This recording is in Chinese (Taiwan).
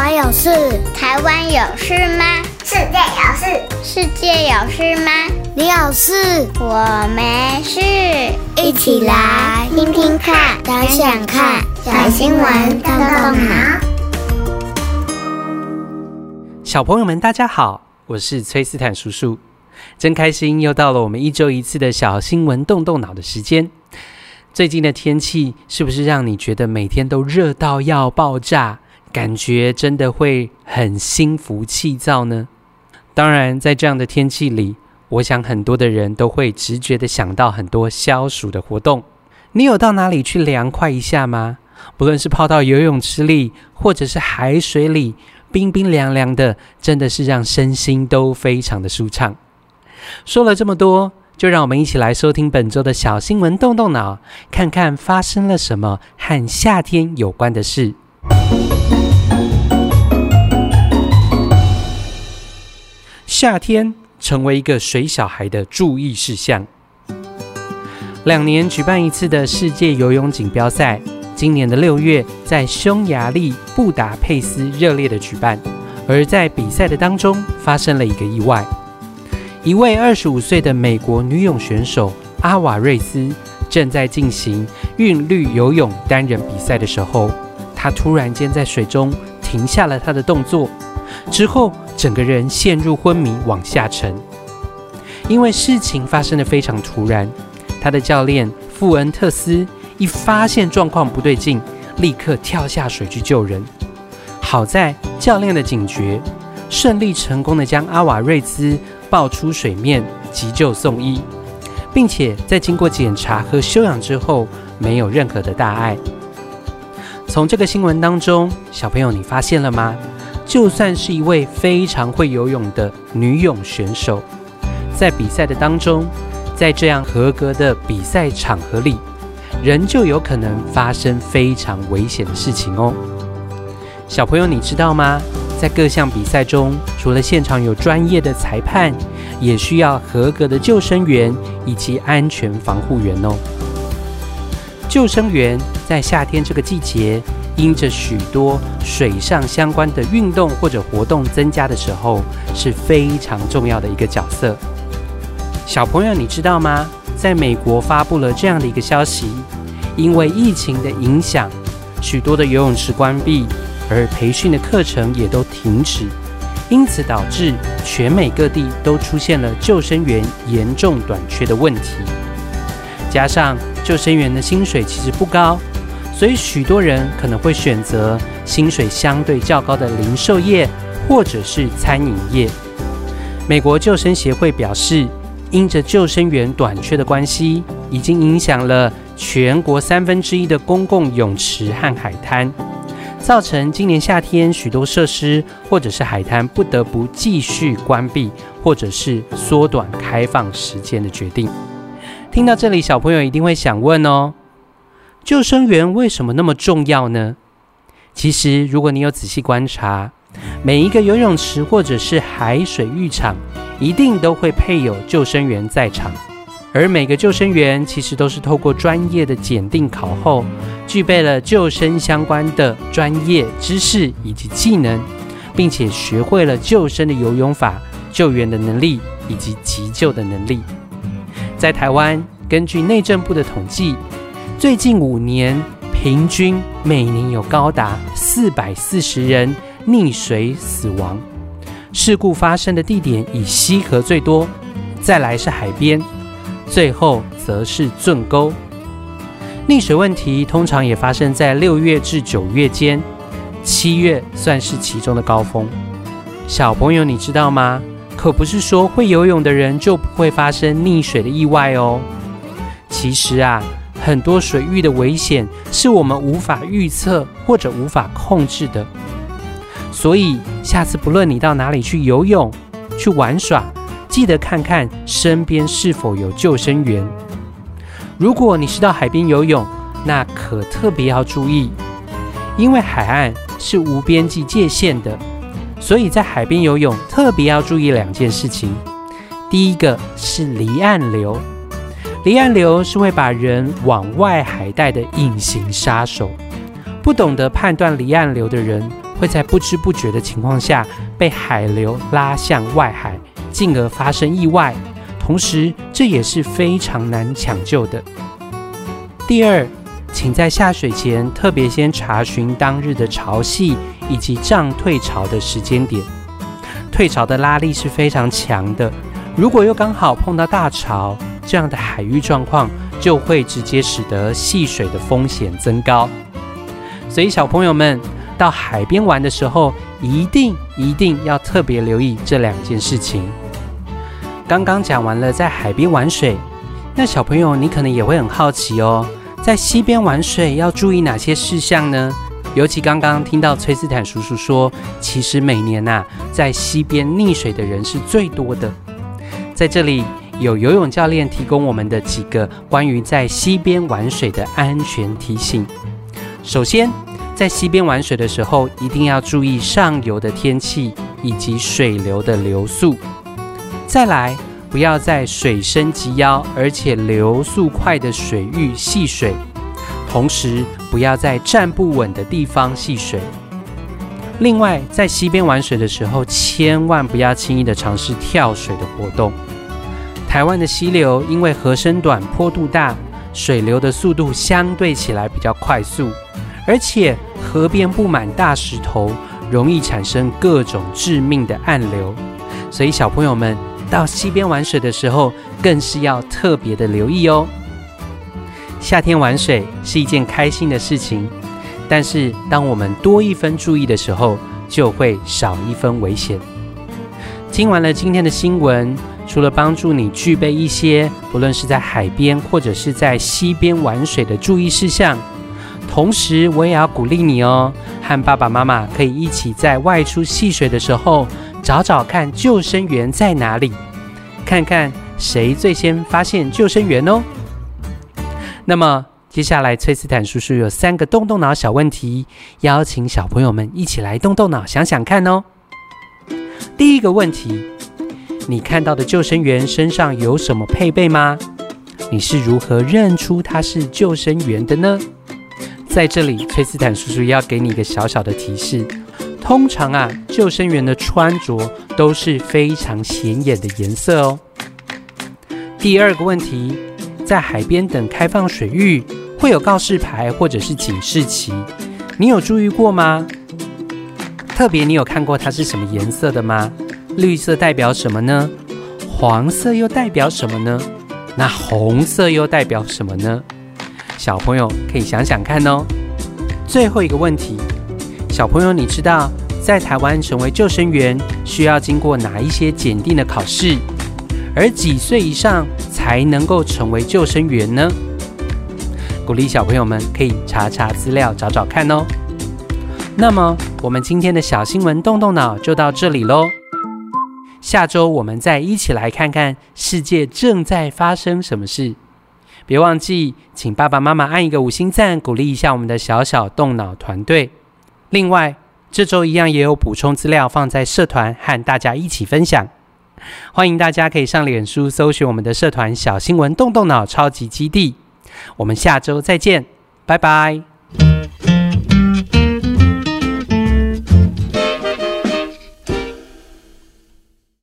我有事，台灣有事嗎？世界有事，世界有事嗎？你有事，我沒事。一起來聽聽看，想想看，小新聞動動腦。小朋友們，大家好，我是崔斯坦叔叔，真開心又到了我們一周一次的小新聞動動腦的時間。最近的天氣是不是讓你覺得每天都熱到要爆炸？感覺真的會很心浮氣躁呢。當然，在這樣的天氣裡，我想很多的人都會直覺地想到很多消暑的活動。你有到哪裡去涼快一下嗎？不論是泡到游泳池裡，或者是海水裡，冰冰涼涼的，真的是讓身心都非常的舒暢。說了這麼多，就讓我們一起來收聽本周的小新聞，動動腦，看看發生了什麼和夏天有關的事。嗯夏天成為一個水小孩的注意事項。兩年舉辦一次的世界游泳錦標賽，今年的六月在匈牙利布達佩斯熱烈的舉辦。而在比賽的當中，發生了一個意外。一位二十五歲的美國女泳選手阿瓦瑞斯正在進行韻律游泳單人比賽的時候，她突然間在水中停下了她的動作。之後，整個人陷入昏迷，往下沉。因為事情發生的非常突然，他的教練富恩特斯一發現狀況不對勁，立刻跳下水去救人。好在教練的警覺，順利成功地將阿瓦瑞茲抱出水面，急救送醫，並且在經過檢查和休養之後，沒有任何的大礙。從這個新聞當中，小朋友你發現了嗎？就算是一位非常會游泳的女泳選手，在比賽的當中，在這樣合格的比賽場合裡，仍舊有可能發生非常危險的事情哦。小朋友，你知道嗎？在各項比賽中，除了現場有專業的裁判，也需要合格的救生員以及安全防護員哦。救生員在夏天這個季節，因着許多水上相關的運動或者活動增加的時候，是非常重要的一個角色。小朋友，你知道嗎？在美國發布了這樣的一個消息，因為疫情的影響，許多的游泳池關閉，而培訓的課程也都停止，因此導致全美各地都出現了救生員嚴重短缺的問題。加上救生員的薪水其實不高，所以許多人可能會選擇薪水相對較高的零售業或者是餐飲業。美國救生協會表示，因着救生員短缺的關係，已經影響了全國三分之一的公共泳池和海灘，造成今年夏天許多設施或者是海灘不得不繼續關閉或者是縮短開放時間的決定。聽到這裡，小朋友一定會想問哦：救生員為什麼那麼重要呢？其實，如果你有仔細觀察，每一個游泳池或者是海水浴場，一定都會配有救生員在場。而每個救生員其實都是透過專業的檢定考後，具備了救生相關的專業知識以及技能，並且學會了救生的游泳法、救援的能力以及急救的能力。在台灣，根據內政部的統計，最近五年平均每年有高達四百四十人溺水死亡。事故發生的地點以溪河最多，再來是海邊，最後則是圳溝。溺水問題通常也發生在六月至九月間，七月算是其中的高峰。小朋友，你知道嗎？可不是說會游泳的人就不會發生溺水的意外哦。其實啊，很多水域的危險是我們無法預測或者無法控制的。所以下次不論你到哪裡去游泳、去玩耍，記得看看身邊是否有救生員。如果你是到海邊游泳，那可特別要注意，因為海岸是無邊際界限的。所以在海邊游泳，特別要注意兩件事情。第一個是離岸流，離岸流是會把人往外海帶的隱形殺手。不懂得判斷離岸流的人，會在不知不覺的情況下被海流拉向外海，進而發生意外。同時，這也是非常難搶救的。第二，請在下水前特別先查詢當日的潮汐以及漲退潮的時間點。退潮的拉力是非常強的，如果又剛好碰到大潮，這樣的海域狀況就會直接使得戲水的風險增高。所以小朋友們到海邊玩的時候，一定一定要特別留意這兩件事情。剛剛講完了在海邊玩水，那小朋友你可能也會很好奇哦。在溪邊玩水要注意哪些事項呢？尤其剛剛聽到崔斯坦叔叔說，其實每年吶、啊，在溪邊溺水的人是最多的。在這裡，有游泳教練提供我們的幾個關於在溪邊玩水的安全提醒。首先，在溪邊玩水的時候，一定要注意上游的天氣以及水流的流速。再來，不要在水深及腰，而且流速快的水域戲水，同時不要在站不穩的地方戲水。另外，在溪邊玩水的時候，千萬不要輕易的嘗試跳水的活動。台灣的溪流因為河身短、坡度大，水流的速度相對起來比較快速，而且河邊布滿大石頭，容易產生各種致命的暗流，所以小朋友們。到溪邊玩水的時候，更是要特別的留意哦。夏天玩水是一件開心的事情，但是當我們多一分注意的時候，就會少一分危險。聽完了今天的新聞，除了幫助你具備一些不論是在海邊或者是在溪邊玩水的注意事項，同時我也要鼓勵你哦，和爸爸媽媽可以一起在外出戲水的時候。找找看救生員在哪裡，看看誰最先發現救生員哦。那麼接下來，崔斯坦叔叔有三個動動腦小問題，邀請小朋友們一起來動動腦，想想看哦。第一個問題：你看到的救生員身上有什麼配備嗎？你是如何認出他是救生員的呢？在這裡，崔斯坦叔叔要給你一個小小的提示。通常啊，救生員的穿着都是非常顯眼的顏色哦。第二個問題，在海邊等開放水域會有告示牌或者是警示旗，你有注意過嗎？特別，你有看過它是什麼顏色的嗎？綠色代表什麼呢？黃色又代表什麼呢？那紅色又代表什麼呢？小朋友可以想想看哦。最後一個問題。小朋友，你知道在台灣成為救生員需要經過哪一些檢定的考試？而幾歲以上才能夠成為救生員呢？鼓勵小朋友們可以查查資料，找找看哦。那麼我們今天的小新聞動動腦就到這裡嘍。下周我們再一起來看看世界正在發生什麼事。別忘記請爸爸媽媽按一個五星讚，鼓勵一下我們的小小動腦團隊。另外，這周一樣也有補充資料放在社團和大家一起分享，歡迎大家可以上臉書搜尋我們的社團小新聞動動腦超級基地。我們下周再見，拜拜。嗯